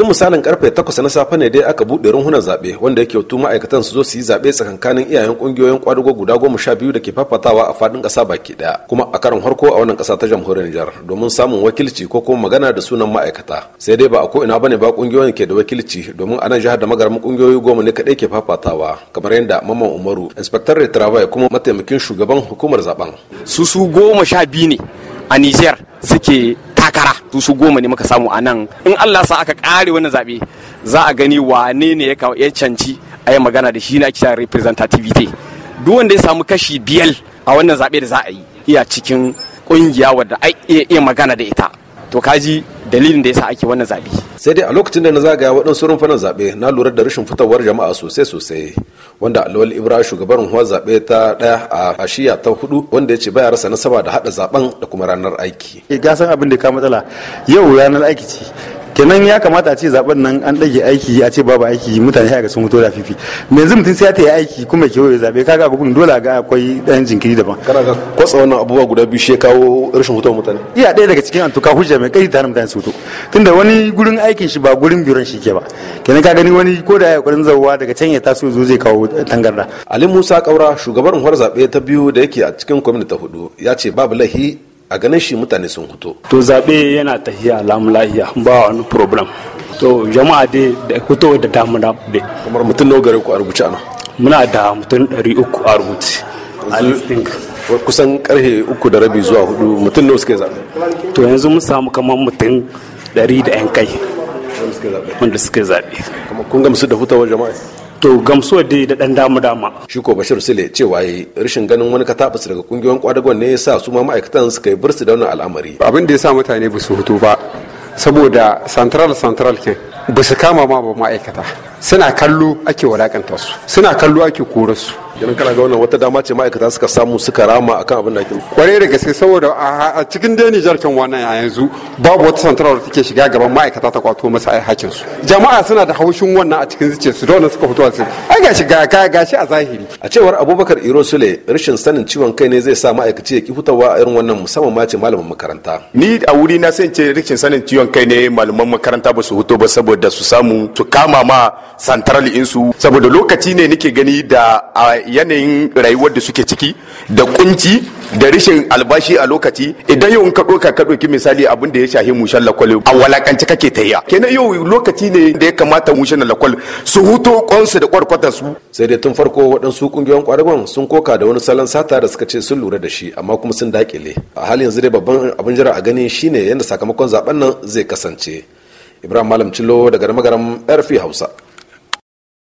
tun misalin karfe 8 na safe ne dai aka buɗe runhunan zaɓe wanda yake tu ma'aikatan su zo su yi zaɓe tsakankanin iyayen ƙungiyoyin kwadugo guda goma sha biyu da ke fafatawa a faɗin ƙasa baki ɗaya kuma a karon farko a wannan ƙasa ta jamhuriyar Nijar domin samun wakilci ko kuma magana da sunan ma'aikata sai dai ba a ko'ina bane ba ƙungiyoyin ke da wakilci domin a nan jihar da magarmin ƙungiyoyi goma ne kadai ke fafatawa kamar yadda Maman Umaru inspector de travail kuma mataimakin shugaban hukumar zaben su su goma sha biyu ne a Nijar suke mata su goma ne muka samu a nan in Allah sa aka kare wannan zabe za a gani wane ne ya canci a yi magana da shi na kira representativity duk wanda ya samu kashi biyar a wannan zabe da za a yi iya cikin ƙungiya wadda ai iya magana da ita to kaji dalilin da yasa ake wannan zabe sai dai a lokacin da na zagaya waɗansu rumfunan zaɓe na lura da rashin fitowar jama'a sosai sosai wanda alwal ibra shugaban huwa zaɓe ta ɗaya a ashiya ta hudu wanda ya ce baya rasa nasaba da haɗa zaɓen da kuma ranar aiki. gasan eh, abin da ka matsala yau ranar aiki ce kenan ya kamata a ce zaben nan an dage aiki a ce babu aiki mutane ya ga sun hoto da fifi yanzu mutum sai ta yi aiki kuma ke waye zabe kaga gudun dole ga akwai dan jinkiri daban kana ga kwatsa wannan abubuwa guda biyu shi kawo rashin hoton mutane iya ɗaya daga cikin antuka hujja mai kai tare mutane su fito tunda wani gurin aikin shi ba gurin biron shi ke ba kenan ka gani wani ko da ya kokarin zawwa daga can ya taso zo zai kawo tangarda ali musa kaura shugaban unguwar zabe ta biyu da yake a cikin kwamitin ta hudu ya ce babu lahi a ganin shi mutane sun fito to zaɓe yana tahiya lamu lahiya ba wani problem to jama'a dai da fito da damu da be kamar mutum nawa gare ku a rubuce ana muna da mutum uku a rubuce kusan ƙarfe uku da rabi zuwa hudu mutum nawa suke zaɓe to yanzu mun samu kamar mutum ɗari da yan kai wanda suke zaɓe kuma kun gamsu da hutawar jama'a to gamsuwa dai da dan damu dama shiko bashir sule cewa yi rashin ganin wani katabus daga kungiyoyin kwadagon ne yasa su ma ma'aikatan suka yi birsu da wani al'amari abin da sa mutane ba su hutu ba saboda central central ke ba su kama ma ba ma'aikata suna kallo ake walakanta su suna kallo ake kore su idan kana ga wannan wata dama ce ma'aikata suka samu suka rama akan abin da ke. kwarai da gaske saboda a cikin dai Nijar kan wannan a yanzu babu wata santarar da take shiga gaban ma'aikata ta kwato masa ai hakin su jama'a suna da haushin wannan a cikin zuciyar su dole suka fito su ai gashi ga gashi a zahiri a cewar Abubakar Iro Sule rashin sanin ciwon kai ne zai sa ma'aikaci ya ki fitowa irin wannan musamman ma ce malamin makaranta ni a wuri na sai ce rashin sanin ciwon kai ne malaman makaranta ba su fito ba saboda su samu su kama ma santral insu saboda lokaci ne nake gani da a yanayin rayuwar da suke ciki da kunci da rashin albashi a lokaci idan yau ka ɗauka ka ɗauki misali abin da ya shahi mushen lakwal a walakance kake tayya kenan yau lokaci ne da ya kamata mushen lakwal su huto kwansu da kwarkwatan su sai dai tun farko waɗansu kungiyoyin kwadagon sun koka da wani salon sata da suka ce sun lura da shi amma kuma sun dakile a halin yanzu dai babban abin jira a gani shine yadda sakamakon zaben nan zai kasance ibrahim malam cilo daga magaram rfi hausa